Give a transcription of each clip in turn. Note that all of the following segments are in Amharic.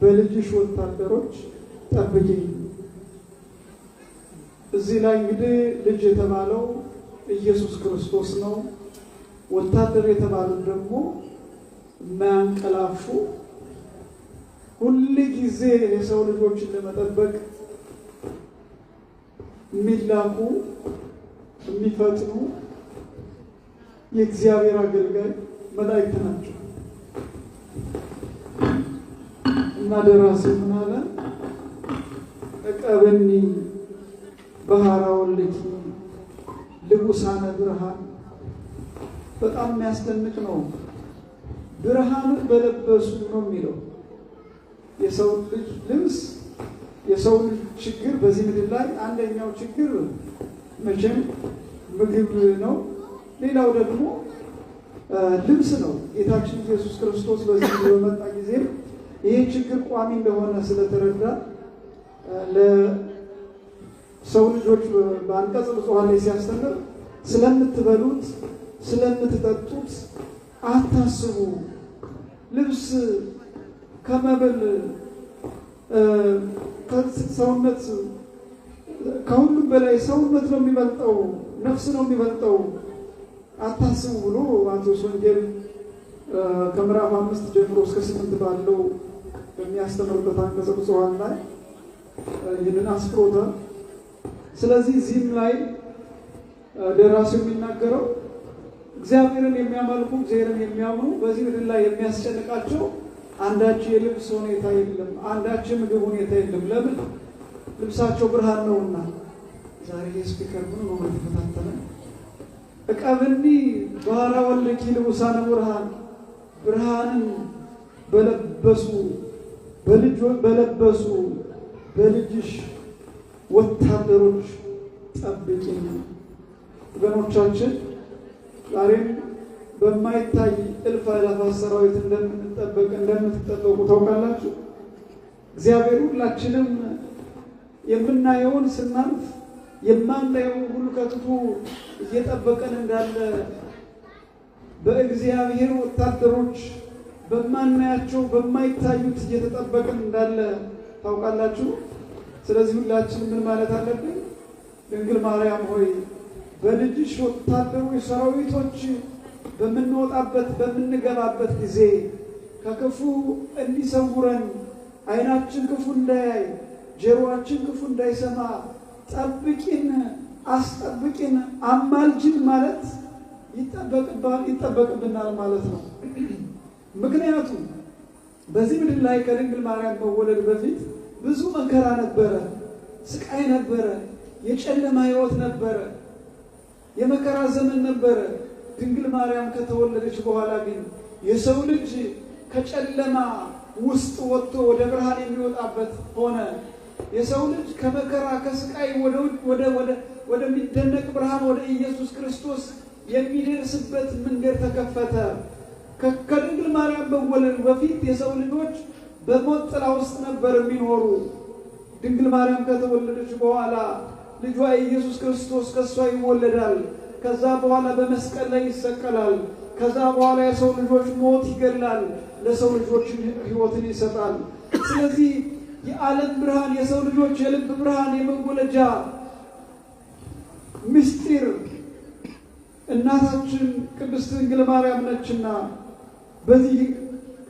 በልጅሽ ወታደሮች ጠብቂኝ። እዚህ ላይ እንግዲህ ልጅ የተባለው ኢየሱስ ክርስቶስ ነው። ወታደር የተባሉት ደግሞ የማያንቀላፉ ሁል ጊዜ የሰው ልጆችን ለመጠበቅ የሚላኩ የሚፈጥኑ የእግዚአብሔር አገልጋይ መላእክት ናቸው። እና ደራሲ ምናለ እቀበኒ ባህራ ወልኪ ልቡሳነ ብርሃን። በጣም የሚያስደንቅ ነው። ብርሃንን በለበሱ ነው የሚለው የሰው ልጅ ልብስ የሰው ልጅ ችግር በዚህ ምድር ላይ አንደኛው ችግር መቼም ምግብ ነው። ሌላው ደግሞ ልብስ ነው። ጌታችን ኢየሱስ ክርስቶስ በዚህ በመጣ ጊዜ ይህ ችግር ቋሚ እንደሆነ ስለተረዳ ለሰው ልጆች በአንቀጽ ብፁዓን ላይ ሲያስተምር ስለምትበሉት ስለምትጠጡት አታስቡ፣ ልብስ ከመብል ሰውነት ከሁሉም በላይ ሰውነት ነው የሚበልጠው፣ ነፍስ ነው የሚበልጠው አታስቡ ብሎ ማቴዎስ ወንጌል ከምዕራፍ አምስት ጀምሮ እስከ ስምንት ባለው በሚያስተምርበት አንቀጸ ብፁዓን ላይ ይህንን አስፍሮታል። ስለዚህ እዚህም ላይ ደራሲው የሚናገረው እግዚአብሔርን የሚያመልኩ እግዚአብሔርን የሚያምኑ በዚህ ምድር ላይ የሚያስጨንቃቸው አንዳች የልብስ ሁኔታ የለም፣ አንዳች የምግብ ሁኔታ የለም። ለምን? ልብሳቸው ብርሃን ነውና። ዛሬ የስፒከር ምን ነው የተፈታተነ እቀብኒ ባህራ ወለኪ ልቡሳነ ብርሃን ብርሃንን በለበሱ በልጅ በለበሱ በልጅሽ ወታደሮች ጠብቂኝ። ወገኖቻችን ዛሬም በማይታይ እልፍ አእላፋት ሰራዊት እንደምንጠበቅ እንደምትጠበቁ ታውቃላችሁ። እግዚአብሔር ሁላችንም የምናየውን ስናልፍ የማናየውን ሁሉ ከትቶ እየጠበቀን እንዳለ በእግዚአብሔር ወታደሮች በማናያቸው በማይታዩት እየተጠበቅን እንዳለ ታውቃላችሁ። ስለዚህ ሁላችን ምን ማለት አለብን? ድንግል ማርያም ሆይ በልጅሽ ወታደሮች ሰራዊቶች በምንወጣበት በምንገባበት ጊዜ ከክፉ እንዲሰውረን ዓይናችን ክፉ እንዳያይ ጆሮአችን ክፉ እንዳይሰማ ጠብቂን፣ አስጠብቂን፣ አማልጅን ማለት ይጠበቅብናል ማለት ነው። ምክንያቱም በዚህ ምድር ላይ ከድንግል ማርያም መወለድ በፊት ብዙ መከራ ነበረ፣ ስቃይ ነበረ፣ የጨለማ ህይወት ነበረ፣ የመከራ ዘመን ነበረ። ድንግል ማርያም ከተወለደች በኋላ ግን የሰው ልጅ ከጨለማ ውስጥ ወጥቶ ወደ ብርሃን የሚወጣበት ሆነ። የሰው ልጅ ከመከራ ከስቃይ ወደሚደነቅ ብርሃን ወደ ኢየሱስ ክርስቶስ የሚደርስበት መንገድ ተከፈተ። ከድንግል ማርያም መወለድ በፊት የሰው ልጆች በሞት ጥላ ውስጥ ነበር የሚኖሩ። ድንግል ማርያም ከተወለደች በኋላ ልጇ ኢየሱስ ክርስቶስ ከእሷ ይወለዳል። ከዛ በኋላ በመስቀል ላይ ይሰቀላል። ከዛ በኋላ የሰው ልጆች ሞት ይገላል፣ ለሰው ልጆች ሕይወትን ይሰጣል። ስለዚህ የዓለም ብርሃን፣ የሰው ልጆች የልብ ብርሃን፣ የመወለጃ ምስጢር እናታችን ቅድስት ድንግል ማርያም ነችና በዚህ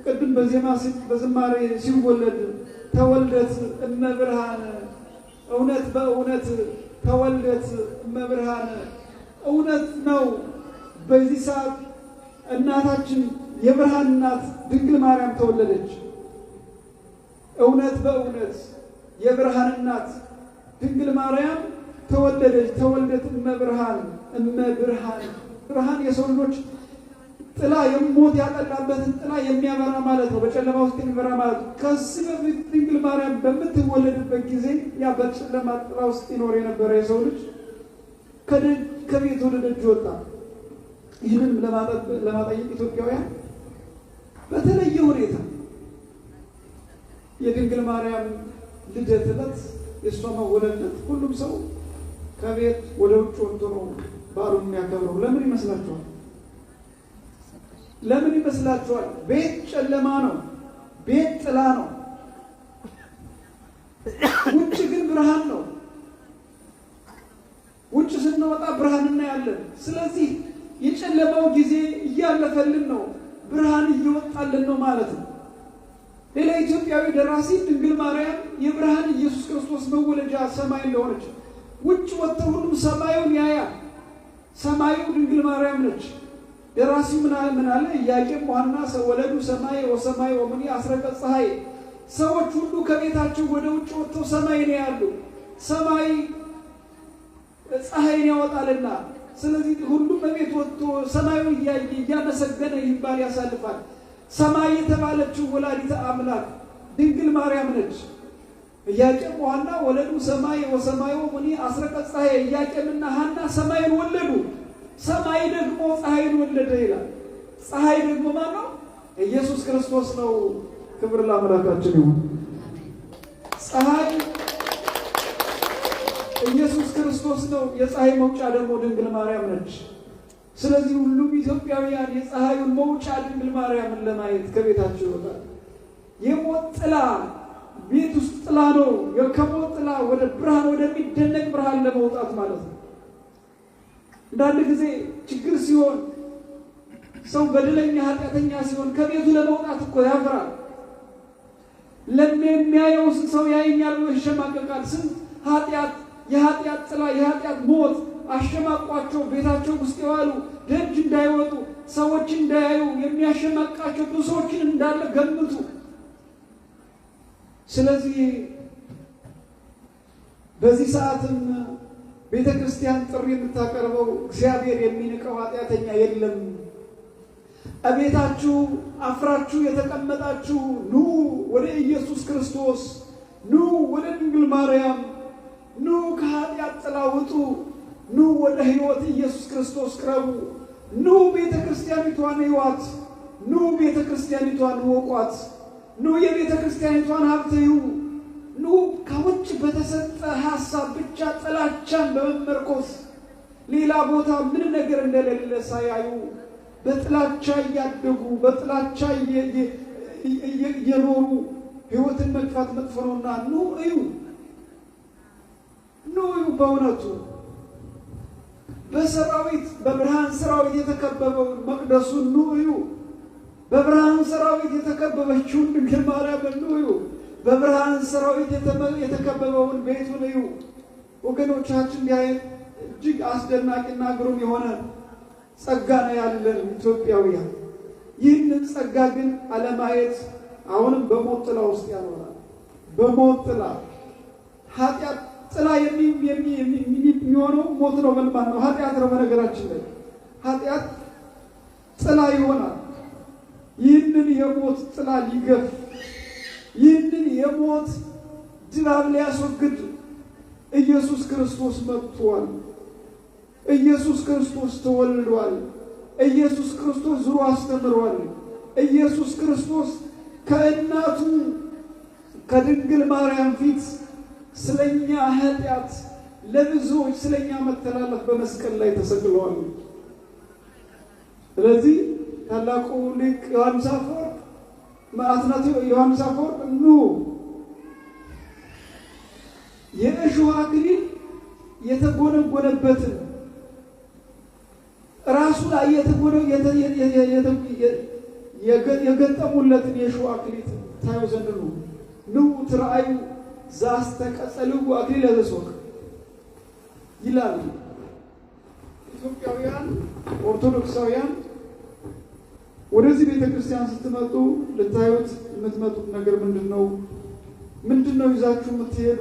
ቅድም በዜማ በዝማሬ ሲወለድ ተወልደት እመብርሃን እውነት በእውነት ተወልደት እመብርሃን እውነት ነው። በዚህ ሰዓት እናታችን የብርሃን እናት ድንግል ማርያም ተወለደች። እውነት በእውነት የብርሃን እናት ድንግል ማርያም ተወለደች። ተወልደት እመብርሃን እመብርሃን ብርሃን የሰው ልጆች ጥላ የሞት ያጠላበትን ጥላ የሚያበራ ማለት ነው። በጨለማ ውስጥ የሚበራ ማለት ነው። ከዚህ በፊት ድንግል ማርያም በምትወለድበት ጊዜ ያ በጨለማ ጥላ ውስጥ ይኖር የነበረ የሰው ልጅ ከቤት ወደ ደጅ ወጣ። ይህንን ለማጠየቅ ኢትዮጵያውያን በተለየ ሁኔታ የድንግል ማርያም ልደት ዕለት የእሷ መወለድነት ሁሉም ሰው ከቤት ወደ ውጭ ወጥቶ ነው በዓሉን የሚያከብረው። ለምን ይመስላችኋል? ለምን ይመስላችኋል? ቤት ጨለማ ነው። ቤት ጥላ ነው። ውጭ ግን ብርሃን ነው። ውጭ ስንወጣ ብርሃን እናያለን። ስለዚህ የጨለማው ጊዜ እያለፈልን ነው፣ ብርሃን እየወጣልን ነው ማለት ነው። ሌላ ኢትዮጵያዊ ደራሲ ድንግል ማርያም የብርሃን ኢየሱስ ክርስቶስ መወለጃ ሰማይ እንደሆነች ውጭ ወጥተው ሁሉም ሰማዩን ያያል። ሰማዩ ድንግል ማርያም ነች። ደራሲ ምናል አለ? ኢያቄም ዋና ወለዱ ሰማይ ወሰማይ ወምን አስረቀ ፀሐይ። ሰዎች ሁሉ ከቤታቸው ወደ ውጭ ወጥተው ሰማይ ነው ያሉ። ሰማይ ፀሐይን ያወጣልና፣ ስለዚህ ሁሉም በቤት ወጥቶ ሰማዩ እያየ እያመሰገነ ይባል ያሳልፋል። ሰማይ የተባለችው ወላዲተ አምላክ ድንግል ማርያም ነች። ኢያቄም ዋና ወለዱ ሰማይ ወሰማይ ወምን አስረቀ ፀሐይ። ኢያቄምና ሐና ሰማይን ወለዱ። ሰማይ ደግሞ ፀሐይን ወለደ ይላል። ፀሐይ ደግሞ ማን ነው? ኢየሱስ ክርስቶስ ነው። ክብር ለአምላካችን ይሁን። ፀሐይ ኢየሱስ ክርስቶስ ነው። የፀሐይ መውጫ ደግሞ ድንግል ማርያም ነች። ስለዚህ ሁሉም ኢትዮጵያውያን የፀሐዩን መውጫ ድንግል ማርያምን ለማየት ከቤታቸው ይወጣል። የሞት ጥላ ቤት ውስጥ ጥላ ነው። ከሞት ጥላ ወደ ብርሃን ወደሚደነቅ ብርሃን ለመውጣት ማለት ነው። አንዳንድ ጊዜ ችግር ሲሆን ሰው በደለኛ ኃጢአተኛ ሲሆን ከቤቱ ለመውጣት እኮ ያፍራል። ለሚያየው ሰው ያየኛል ብሎ ይሸማቀቃል። ስንት ኃጢአት የኃጢአት ጥላ የኃጢአት ሞት አሸማቋቸው ቤታቸው ውስጥ የዋሉ ደጅ እንዳይወጡ ሰዎች እንዳያዩ የሚያሸማቃቸው ብዙ ሰዎችን እንዳለ ገምቱ። ስለዚህ በዚህ ሰዓትም ቤተ ክርስቲያን ጥሪ የምታቀርበው እግዚአብሔር የሚንቀው ኃጢአተኛ የለም። እቤታችሁ አፍራችሁ የተቀመጣችሁ ኑ ወደ ኢየሱስ ክርስቶስ፣ ኑ ወደ ድንግል ማርያም፣ ኑ ከኃጢአት ጥላ ውጡ፣ ኑ ወደ ሕይወት ኢየሱስ ክርስቶስ ቅረቡ። ኑ ቤተ ክርስቲያኒቷን ሕይዋት፣ ኑ ቤተ ክርስቲያኒቷን ወቋት፣ ኑ የቤተ ክርስቲያኒቷን ሀብት ይሁ ኑ ከውጭ በተሰጠ ሀሳብ ብቻ ጥላቻን በመመርኮስ ሌላ ቦታ ምን ነገር እንደሌለ ሳያዩ በጥላቻ እያደጉ በጥላቻ እየኖሩ ህይወትን መግፋት መጥፎ ነውና ኑ እዩ ኑ እዩ። በእውነቱ በሰራዊት በብርሃን ሰራዊት የተከበበው መቅደሱን ኑ እዩ። በብርሃን ሰራዊት የተከበበችውን ድንግል ማርያምን ኑ እዩ። በብርሃን ሰራዊት የተከበበውን ቤቱን እዩ። ወገኖቻችን ያይ እጅግ አስደናቂና ግሩም የሆነ ጸጋ ነው ያለን ኢትዮጵያውያን። ይህንን ጸጋ ግን አለማየት አሁንም በሞት ጥላ ውስጥ ያኖራል። በሞት ጥላ ኃጢአት ጥላ የሚሆነው ሞት ነው። መልማት ነው፣ ኃጢአት ነው። በነገራችን ላይ ኃጢአት ጥላ ይሆናል። ይህንን የሞት ጥላ ሊገፍ የሞት ድባብ ሊያስወግድ ኢየሱስ ክርስቶስ መጥቷል። ኢየሱስ ክርስቶስ ተወልዷል። ኢየሱስ ክርስቶስ ዝሮ አስተምሯል። ኢየሱስ ክርስቶስ ከእናቱ ከድንግል ማርያም ፊት ስለኛ ኃጢአት ለብዙዎች ስለኛ መተላለፍ በመስቀል ላይ ተሰቅለዋል። ስለዚህ ታላቁ ሊቅ ዮሐንስ አፈወርቅ ማአትናቴ ዮሐንስ አፈወርቅ ኑ የእሾህ አክሊል የተጎነጎነበትን ራሱ ላይ የገጠሙለትን የእሾህ አክሊል ታዩ ዘንድ ነው። ንው ትርአዩ ዘአስተቀጸልዎ አክሊለ ዘእሾህ ይላሉ ኢትዮጵያውያን ኦርቶዶክሳውያን። ወደዚህ ቤተ ክርስቲያን ስትመጡ ልታዩት የምትመጡት ነገር ምንድን ነው? ምንድን ነው ይዛችሁ የምትሄዱ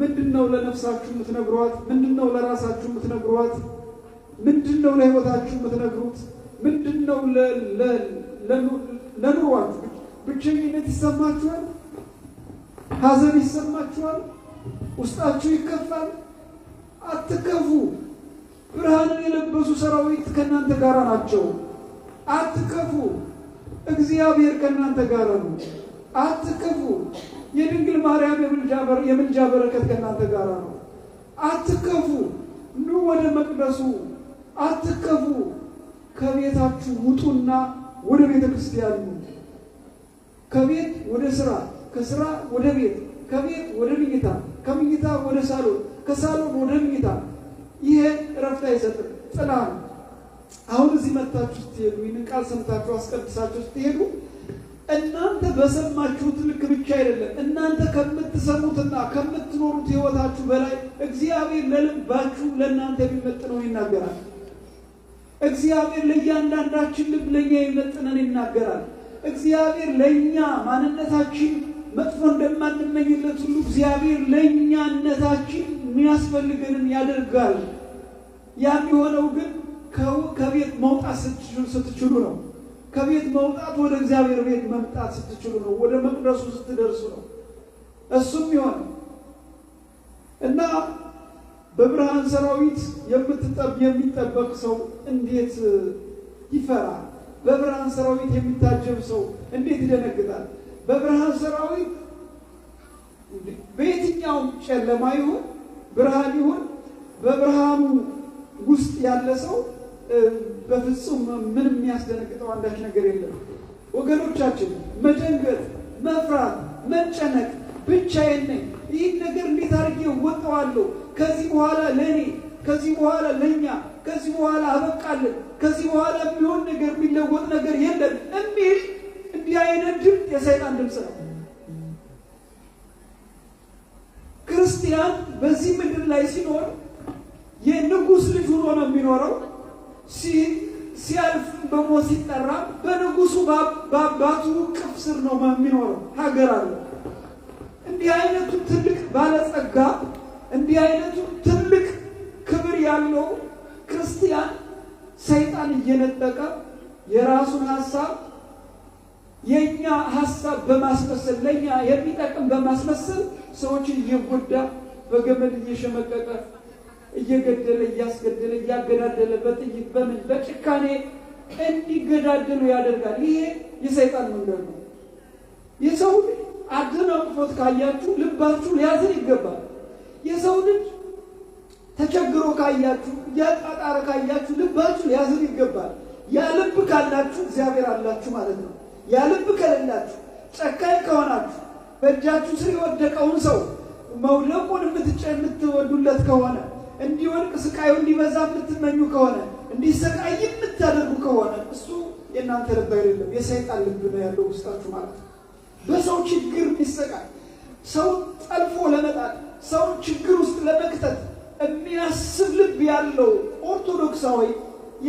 ምንድን ነው ለነፍሳችሁ የምትነግሯት? ምንድን ነው ለራሳችሁ የምትነግሯት? ምንድን ነው ለህይወታችሁ የምትነግሩት? ምንድን ነው ብቸኝነት ይሰማችኋል? ሀዘን ይሰማችኋል? ውስጣችሁ ይከፋል? አትከፉ። ብርሃንን የለበሱ ሰራዊት ከእናንተ ጋር ናቸው። አትከፉ። እግዚአብሔር ከእናንተ ጋር ነው። አትከፉ። የድንግል ማርያም የምልጃ በረከት ከእናንተ ጋር ነው። አትከፉ፣ ኑ ወደ መቅደሱ አትከፉ። ከቤታችሁ ውጡና ወደ ቤተ ክርስቲያን ከቤት ወደ ስራ፣ ከስራ ወደ ቤት፣ ከቤት ወደ ምኝታ፣ ከምኝታ ወደ ሳሎን፣ ከሳሎን ወደ ምኝታ። ይሄ እረፍት አይሰጥም፣ ጥላ ነው። አሁን እዚህ መታችሁ ስትሄዱ፣ ይህንን ቃል ሰምታችሁ አስቀድሳችሁ ስትሄዱ እናንተ በሰማችሁት ልክ ብቻ አይደለም፣ እናንተ ከምትሰሙትና ከምትኖሩት ሕይወታችሁ በላይ እግዚአብሔር ለልባችሁ ለእናንተ የሚመጥነው ይናገራል። እግዚአብሔር ለእያንዳንዳችን ልብ ለእኛ የሚመጥነን ይናገራል። እግዚአብሔር ለእኛ ማንነታችን መጥፎ እንደማንመኝለት ሁሉ እግዚአብሔር ለእኛነታችን የሚያስፈልገንን ያደርጋል። ያም የሆነው ግን ከቤት መውጣት ስትችሉ ነው። ከቤት መውጣት ወደ እግዚአብሔር ቤት መምጣት ስትችሉ ነው። ወደ መቅደሱ ስትደርሱ ነው። እሱም ይሆን እና በብርሃን ሰራዊት የምትጠብ የሚጠበቅ ሰው እንዴት ይፈራል? በብርሃን ሰራዊት የሚታጀብ ሰው እንዴት ይደነግጣል? በብርሃን ሰራዊት በየትኛውም ጨለማ ይሁን ብርሃን ይሁን በብርሃኑ ውስጥ ያለ ሰው በፍጹም ምንም የሚያስደነግጠው አንዳች ነገር የለም። ወገኖቻችን መደንገጥ፣ መፍራት፣ መጨነቅ ብቻዬን ነኝ፣ ይህን ነገር እንዴት አድርጌ ወጠዋለሁ? ከዚህ በኋላ ለእኔ ከዚህ በኋላ ለእኛ ከዚህ በኋላ አበቃለን፣ ከዚህ በኋላ የሚሆን ነገር የሚለወጥ ነገር የለም የሚል እንዲህ አይነት ድምፅ የሰይጣን ድምፅ ነው። ክርስቲያን በዚህ ምድር ላይ ሲኖር የንጉሥ ልጅ ሆኖ ነው የሚኖረው። ሲያልፍ በሞት ሲጠራ በንጉሱ በአባቱ ቅፍ ስር ነው የሚኖረው። ሀገር አለ። እንዲህ አይነቱ ትልቅ ባለጸጋ፣ እንዲህ አይነቱ ትልቅ ክብር ያለው ክርስቲያን ሰይጣን እየነጠቀ የራሱን ሀሳብ የእኛ ሀሳብ በማስመሰል ለእኛ የሚጠቅም በማስመሰል ሰዎችን እየጎዳ በገመድ እየሸመቀቀ እየገደለ እያስገደለ እያገዳደለ በጥይት በምን በጭካኔ እንዲገዳደሉ ያደርጋል። ይሄ የሰይጣን መንገድ ነው። የሰው ልጅ አደናቅፎት ካያችሁ ልባችሁ ሊያዝን ይገባል። የሰው ልጅ ተቸግሮ ካያችሁ፣ እያጣጣረ ካያችሁ ልባችሁ ሊያዝን ይገባል። ያ ልብ ካላችሁ እግዚአብሔር አላችሁ ማለት ነው። ያ ልብ ከሌላችሁ ጨካኝ ከሆናችሁ በእጃችሁ ስር የወደቀውን ሰው መውደቁን የምትወዱለት ከሆነ እንዲወድቅ ስቃዩ እንዲበዛ የምትመኙ ከሆነ እንዲሰቃይ የምታደርጉ ከሆነ እሱ የእናንተ ልብ አይደለም፣ የሰይጣን ልብ ነው ያለው ውስጣችሁ ማለት ነው። በሰው ችግር የሚሰቃይ ሰው ጠልፎ ለመጣል ሰው ችግር ውስጥ ለመክተት የሚያስብ ልብ ያለው ኦርቶዶክሳዊ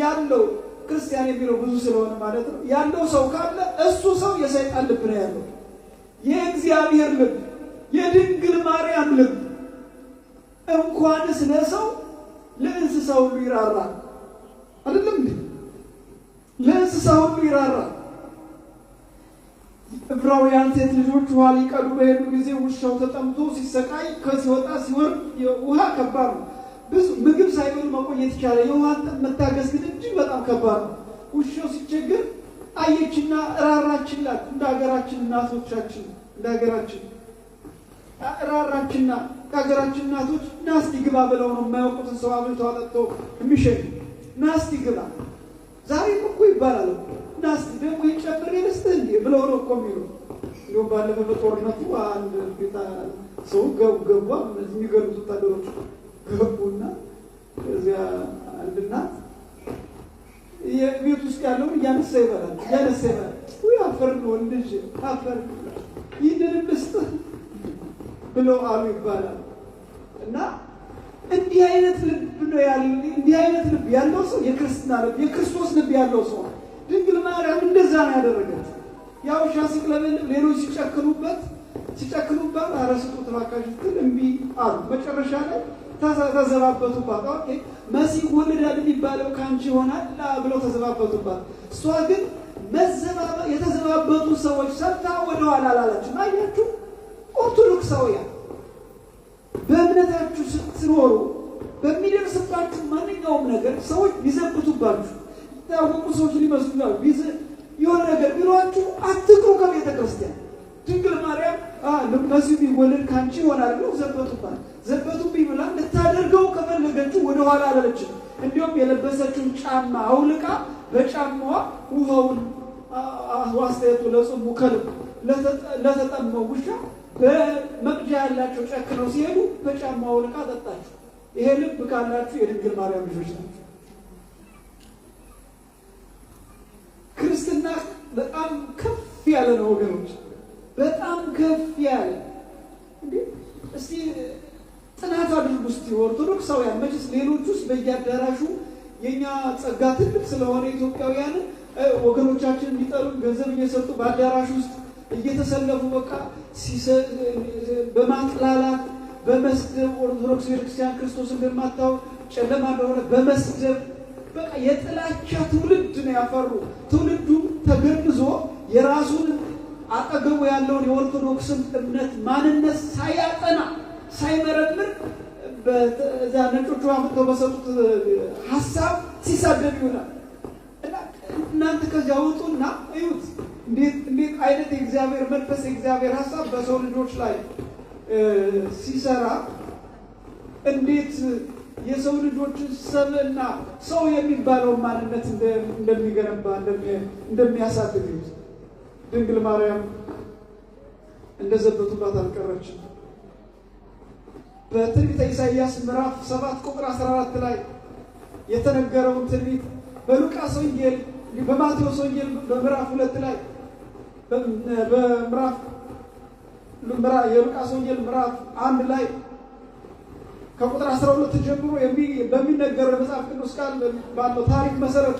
ያለው ክርስቲያን የሚለው ብዙ ስለሆነ ማለት ነው ያለው ሰው ካለ እሱ ሰው የሰይጣን ልብ ነው ያለው። የእግዚአብሔር ልብ፣ የድንግል ማርያም ልብ እንኳንስ ለሰው ለእንስሳ ሁሉ ይራራል። አይደለም እንዴ? ለእንስሳ ሁሉ ይራራል። ዕብራውያን ሴት ልጆች ውሃ ሊቀዱ በሄዱ ጊዜ ውሻው ተጠምቶ ሲሰቃይ ከሲወጣ ሲወርድ ውሃ ከባድ ነው። ብዙ ምግብ ሳይበሉ መቆየት ይቻላል። የውሃ መታገስ ግን እጅግ በጣም ከባድ ነው። ውሻው ሲቸግር አየችና ራራችላት። እንደ ሀገራችን እናቶቻችን እንደ ሀገራችን ራራችና ከሀገራችን እናቶች ናስቲ ግባ ብለው ነው የማያውቁትን ሰው አብልተው አጠጥተው የሚሸኙ። ናስቲ ግባ ዛሬ እኮ ይባላል ናስቲ ደግሞ ይጨምር የለስተ እንዲ ብለው ነው እኮ የሚሉ። እንዲሁም ባለፈው በጦርነቱ አንድ ቤታ ሰው ገቡ ገቧ የሚገሉት ወታደሮች ገቡና እዚያ አንድና የቤት ውስጥ ያለውን እያነሳ ይበላል እያነሳ ይበላል። ነው ልጅ አፈር ይህንን ምስጥህ ብለው አሉ ይባላል እና እንዲህ አይነት ልብ ነው ያለ እንዲህ አይነት ልብ ያለው ሰው የክርስትና ልብ የክርስቶስ ልብ ያለው ሰው ድንግል ማርያም እንደዛ ነው ያደረገት። ያው ውሻ ሲቅለበልብ ሌሎች ሲጨክኑበት ሲጨክኑበት አረስጡ ስጡት ግን ስትል እምቢ አሉ። መጨረሻ ላይ ተዘባበቱባት። ኦኬ መሲህ ወለዳል የሚባለው ከአንቺ ይሆናል ብለው ተዘባበቱባት። እሷ ግን የተዘባበቱ ሰዎች ሰብታ ወደኋላ አላለችም። አያችሁ ኦርቶዶክሳውያን በእምነታችሁ ስትኖሩ በሚደርስባችሁ ማንኛውም ነገር ሰዎች ቢዘብቱባችሁ የታወቁ ሰዎች ሊመስሉናል የሆነ ነገር ቢሏችሁ አትቅሩ ከቤተ ክርስቲያን ድንግል ማርያም ከዚሁ ቢወለድ ከአንቺ ይሆናል ብለው ዘበቱባት ዘበቱብኝ ብላ ልታደርገው ከፈለገችው ወደኋላ አላለችም እንዲሁም የለበሰችውን ጫማ አውልቃ በጫማዋ ውሃውን አስተያየቱ ለጽሙ ከልብ ለተጠማው ውሻ በመቅጃ ያላቸው ጨክነው ሲሄዱ በጫማ ወልቃ ጠጣችሁ። ይሄ ልብ ካላችሁ የድንግል ማርያም ልጆች ናቸው። ክርስትና በጣም ከፍ ያለ ነው ወገኖች፣ በጣም ከፍ ያለ እስቲ ጥናት አድርጉ እስቲ ኦርቶዶክሳውያን። መቼስ ሌሎች ውስጥ በየአዳራሹ የእኛ ጸጋ ትልቅ ስለሆነ ኢትዮጵያውያን ወገኖቻችን እንዲጠሩ ገንዘብ እየሰጡ በአዳራሽ ውስጥ እየተሰለፉ በቃ በማጥላላት በመስደብ ኦርቶዶክስ ቤተክርስቲያን ክርስቶስ እንደማታውቅ ጨለማ እንደሆነ በመስደብ በቃ የጥላቻ ትውልድ ነው ያፈሩ። ትውልዱ ተገንዞ የራሱን አጠገቡ ያለውን የኦርቶዶክስን እምነት ማንነት ሳያጠና ሳይመረምር በዛ ነጮቹ አምጥተው በሰጡት ሀሳብ ሲሳደብ ይሆናል። እናንተ ከዚያ ውጡና እዩት። እንዴት አይነት የእግዚአብሔር መንፈስ የእግዚአብሔር ሀሳብ በሰው ልጆች ላይ ሲሰራ እንዴት የሰው ልጆችን ሰብዕና ሰው የሚባለውን ማንነት እንደሚገነባ እንደሚያሳድግ ድንግል ማርያም እንደዘበቱባት አልቀረችም። በትንቢተ ኢሳይያስ ምዕራፍ ሰባት ቁጥር 14 ላይ የተነገረውን ትንቢት በሉቃስ ወንጌል በማቴዎስ ወንጌል በምዕራፍ ሁለት ላይ በምዕራፍ የሉቃስ ወንጌል ምዕራፍ አንድ ላይ ከቁጥር 12 ጀምሮ በሚነገር መጽሐፍ ቅዱስ ቃል ባለው ታሪክ መሰረት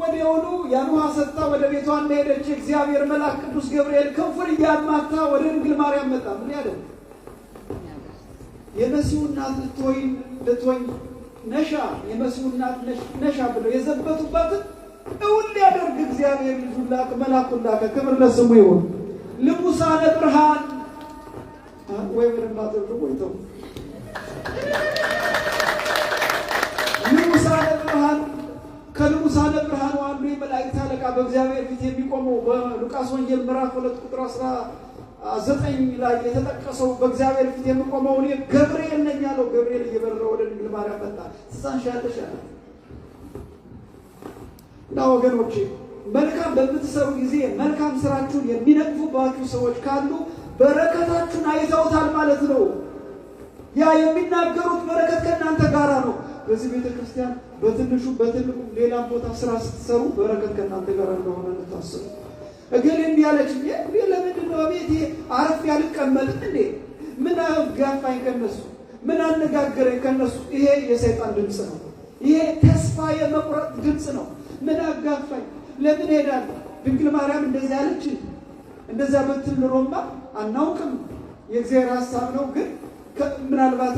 ወዲያውኑ ያን ውሃ ሰጥታ ወደ ቤቷ እንደሄደች እግዚአብሔር መልአክ ቅዱስ ገብርኤል ክንፉን እያማታ ወደ ድንግል ማርያም መጣ። ምን የመሲሁ እናት ልትሆኝ ነሻ፣ የመሲሁ እናት ነሻ ብለው የዘበቱባትን እውን ሊያደርግ እግዚአብሔር ልጁ ላከ፣ መልአኩን ላከ። ክብር ለስሙ ይሁን። ልቡሳነ ብርሃን ወይ ምንም አትርጉም ወይ ተው ልቡሳነ ብርሃን ከልቡሳነ ብርሃን አንዱ የመላእክት አለቃ በእግዚአብሔር ፊት የሚቆመው በሉቃስ ወንጌል ምዕራፍ ሁለት ቁጥር አስራ ዘጠኝ ላይ የተጠቀሰው በእግዚአብሔር ፊት የሚቆመው እኔ ገብርኤል ነኝ ያለው ገብርኤል እየበረረ ወደ ድንግል ማርያም መጣ ትጸንሻለሽ አላት። እና ወገኖች መልካም በምትሰሩ ጊዜ መልካም ስራችሁን የሚነቅፉባችሁ ሰዎች ካሉ በረከታችሁን አይተውታል ማለት ነው። ያ የሚናገሩት በረከት ከእናንተ ጋር ነው። በዚህ ቤተ ክርስቲያን በትንሹ በትልቁ ሌላ ቦታ ስራ ስትሰሩ በረከት ከእናንተ ጋር እንደሆነ እንታስቡ። እግል እንዲህ አለች እ ለምንድን ነው ቤቴ አረፍ ያልቀመጥም እንዴ? ምን አጋፋኝ ከነሱ ምን አነጋገረኝ ከነሱ? ይሄ የሰይጣን ድምፅ ነው። ይሄ ተስፋ የመቁረጥ ድምፅ ነው። ምን አጋፋኝ? ለምን ሄዳለሁ? ድንግል ማርያም እንደዚህ ያለች እንደዛ በትል ኖሮማ አናውቅም። የእግዚአብሔር ሀሳብ ነው። ግን ምናልባት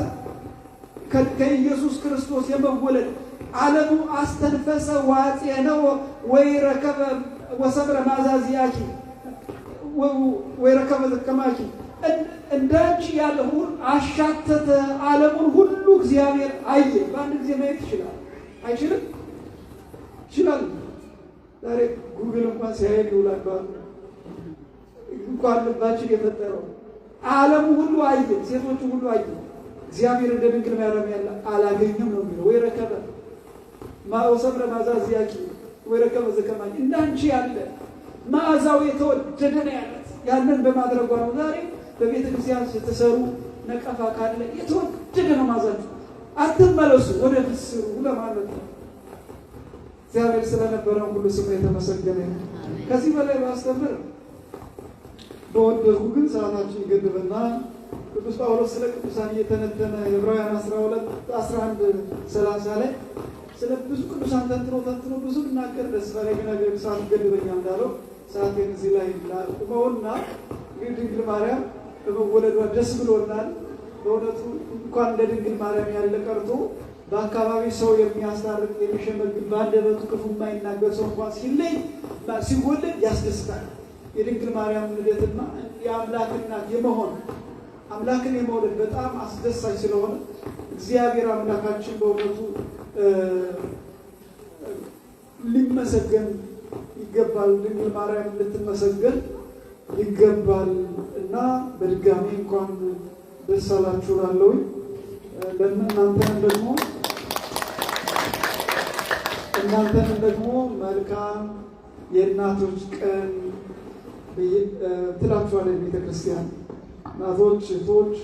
ከኢየሱስ ክርስቶስ የመወለድ ዓለሙ አስተንፈሰ ዋጼ ነው ወይ ረከበ ወሰብረ ማዛዚያኪ ወይ ረከበ ዘከማኪ እንዳንቺ ያለውን አሻተተ ዓለሙን ሁሉ እግዚአብሔር አየ። በአንድ ጊዜ ማየት ይችላል አይችልም? ይችላል። ዛሬ ጉግል እንኳን ሲያሄድ ይውላቸዋል። እንኳን ልባችን የፈጠረው ዓለም ሁሉ አየ፣ ሴቶቹ ሁሉ አየ። እግዚአብሔር እንደ ድንግል ማርያም ያለ አላገኘም ነው የሚለው ወይ ረከበ ማውሰብረ ለማዛዝ ያቂ ወይ ረከበ ዘከማኝ እንዳንቺ ያለ መዓዛው የተወደደ ነው ያለት። ያንን በማድረጓ ነው ዛሬ በቤተ ክርስቲያን የተሰሩ ነቀፋ ካለ የተወደደ ነው ማዛችሁ። አትመለሱ ወደ ፍስሩ ለማለት ነው። እግዚአብሔር ስለነበረን ሁሉ ስም የተመሰገነ። ከዚህ በላይ ማስተምር በወደድኩ ግን ሰዓታችን ይገድብና ቅዱስ ጳውሎስ ስለ ቅዱሳን እየተነተነ ዕብራውያን 12 11 30 ላይ ስለ ብዙ ቅዱሳን ተንትኖ ተንትኖ ብዙ ብናገር ደስ ባለኝ ነገር ሰዓት ገድበኛ እንዳለው ሰዓቴን እዚህ ላይ ላቁመውና እንግዲህ ድንግል ማርያም በመወለዷ ደስ ብሎናል። በእውነቱ እንኳን እንደ ድንግል ማርያም ያለ ቀርቶ በአካባቢ ሰው የሚያስታርቅ የሚሸመግል፣ በአንደበቱ ክፉ የማይናገር ሰው እንኳን ሲለይ ሲወለድ ያስደስታል። የድንግል ማርያም ልደትና የአምላክ እናት የመሆን አምላክን የመውለድ በጣም አስደሳች ስለሆነ እግዚአብሔር አምላካችን በእውነቱ ሊመሰገን ይገባል። ድንግል ማርያም ልትመሰገን ይገባል እና በድጋሚ እንኳን ደስ አላችሁ እላለሁኝ። ለእናንተም ደግሞ እናንተንም ደግሞ መልካም የእናቶች ቀን ትላችኋለች ቤተክርስቲያን እናቶች፣ እህቶች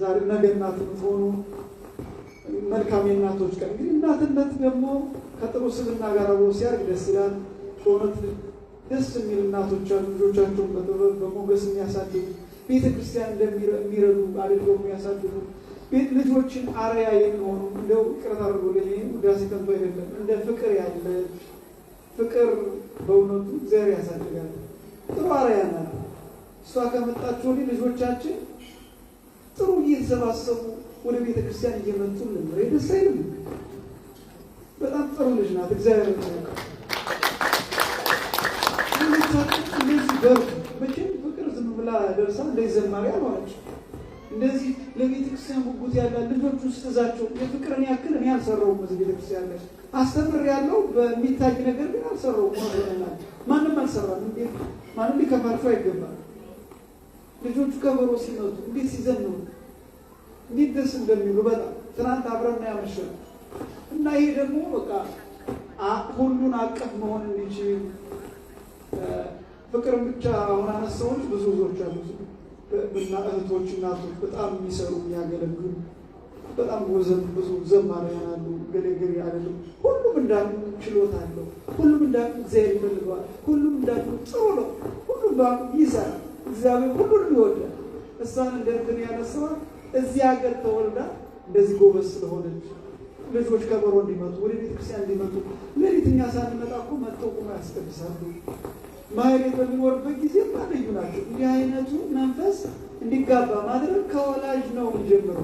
ዛሬ ነገ እናት የምትሆኑ መልካም የእናቶች ቀን። እንግዲህ እናትነት ደግሞ ከጥሩ ስብና ጋር አብሮ ሲያርግ ደስ ይላል። በእውነት ደስ የሚል እናቶች አሉ፣ ልጆቻቸውን በጥበብ በሞገስ የሚያሳድጉ ቤተክርስቲያን እንደሚረዱ አድርገው የሚያሳድጉ ቤት ልጆችን አርያ የሚሆኑ እንደው ቅርታ አድርጎልኝ ውዳሴ ከንቶ አይደለም። እንደ ፍቅር ያለ ፍቅር በእውነቱ እግዚአብሔር ያሳድጋል። ጥሩ አርያ ናት እሷ ከመጣችሁ ወዲህ ልጆቻችን ጥሩ እየተሰባሰቡ ወደ ቤተ ክርስቲያን እየመጡ ልምር ደስ አይልም። በጣም ጥሩ ልጅ ናት። እግዚአብሔር እንደዚህ በርቱ። መቼም ፍቅር ዝም ብላ ደርሳ እንደዚህ ዘማሪ አሏቸው እንደዚህ ለቤተክርስቲያን ጉጉት ያላት ልጆቹ ስትዛቸው የፍቅርን ያክል እኔ አልሰራውም። እዚህ ቤተ ክርስቲያን ላይ አስተምር ያለው በሚታይ ነገር ግን አልሰራውም። ማንም አልሰራም። እንዴት ማንም ሊከፋቸው አይገባም። ልጆቹ ከበሮ ሲመቱ እንዴት ሲዘን ነው እንዴት ደስ እንደሚሉ በጣም ትናንት አብረን ያመሸነው እና ይሄ ደግሞ በቃ ሁሉን አቀፍ መሆን እንዲችል ፍቅርን ብቻ አሁን አነሳዎች ብዙ ዞች አሉ እና እህቶች እናቶች በጣም የሚሰሩ የሚያገለግሉ በጣም ወዘን ብዙ ዘማሪያን አሉ። ገለገሌ አይደለም። ሁሉም እንዳሉ ችሎታ አለው። ሁሉም እንዳሉ እግዚአብሔር ይፈልገዋል። ሁሉም እንዳሉ ጥሩ ነው። ሁሉም ባሉ ይሰራል። እግዚአብሔር ሁሉንም ይወዳል። እሷን እንደ እንትን ያነሳዋል። እዚህ ሀገር ተወልዳ እንደዚህ ጎበዝ ስለሆነች ልጆች ከበሮ እንዲመጡ ወደ ቤተክርስቲያን እንዲመጡ ሌሊት እኛ ሳንመጣ እኮ መጥተው ቁማ ያስቀድሳሉ። ማህሌት በሚኖርበት ጊዜ ባለዩ ናቸው። እንዲህ አይነቱ መንፈስ እንዲጋባ ማድረግ ከወላጅ ነው ጀምሮ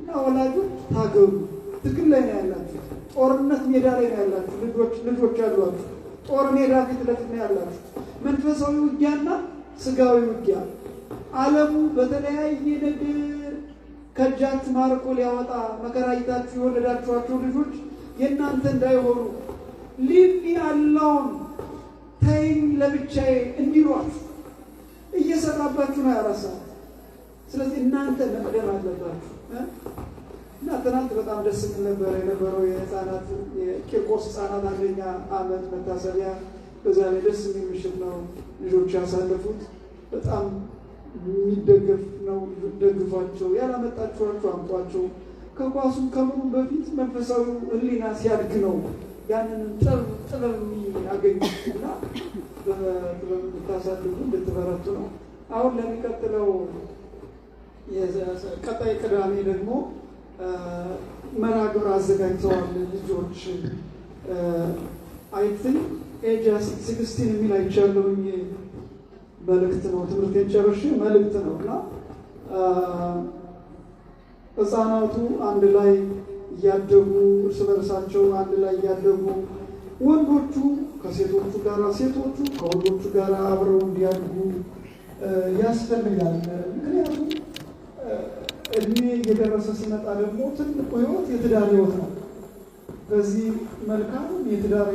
እና ወላጆች ታገሩ ትግል ላይ ነው ያላችሁ፣ ጦርነት ሜዳ ላይ ነው ያላችሁ። ልጆች ልጆች ያሏችሁ ጦር ሜዳ ፊት ለፊት ነው ያላችሁ። መንፈሳዊ ውጊያና ስጋዊ ውጊያ ዓለሙ በተለያየ ነገር ከእጃችሁ ማርቆ ሊያወጣ መከራ ይታችሁ የወለዳችኋቸው ልጆች የእናንተ እንዳይሆኑ ሊቢ አላውን። ተይኝ ለብቻዬ እንዲሏት እየሰራባችሁ ነው ያረሳ። ስለዚህ እናንተ መቅደም አለባችሁ። እና ትናንት በጣም ደስ የሚል ነበረ የነበረው የህፃናት የቂርቆስ ህፃናት አንደኛ አመት መታሰቢያ በዛ ላይ ደስ የሚል ምሽት ነው ልጆች ያሳለፉት። በጣም የሚደገፍ ነው። ደግፏቸው፣ ያላመጣችኋቸው አምጧቸው። ከኳሱም ከምኑም በፊት መንፈሳዊ ህሊና ሲያድግ ነው ያንን ጥበብ ጥበብ የሚያገኙት እና ብታሳድጉ እንድትበረቱ ነው። አሁን ለሚቀጥለው ቀጣይ ቅዳሜ ደግሞ መርሃ ግብር አዘጋጅተዋል ልጆች አይ ቲንክ ሲክስቲን የሚል አይቻለሁኝ። መልእክት ነው ትምህርት ጨርሼ መልእክት ነው እና ህፃናቱ አንድ ላይ እያደጉ እርስ በርሳቸው አንድ ላይ እያደጉ ወንዶቹ ከሴቶቹ ጋር፣ ሴቶቹ ከወንዶቹ ጋር አብረው እንዲያድጉ ያስፈልጋል። ምክንያቱም እድሜ እየደረሰ ሲመጣ ደግሞ ትልቁ ህይወት የትዳር ህይወት ነው። በዚህ መልካም የትዳር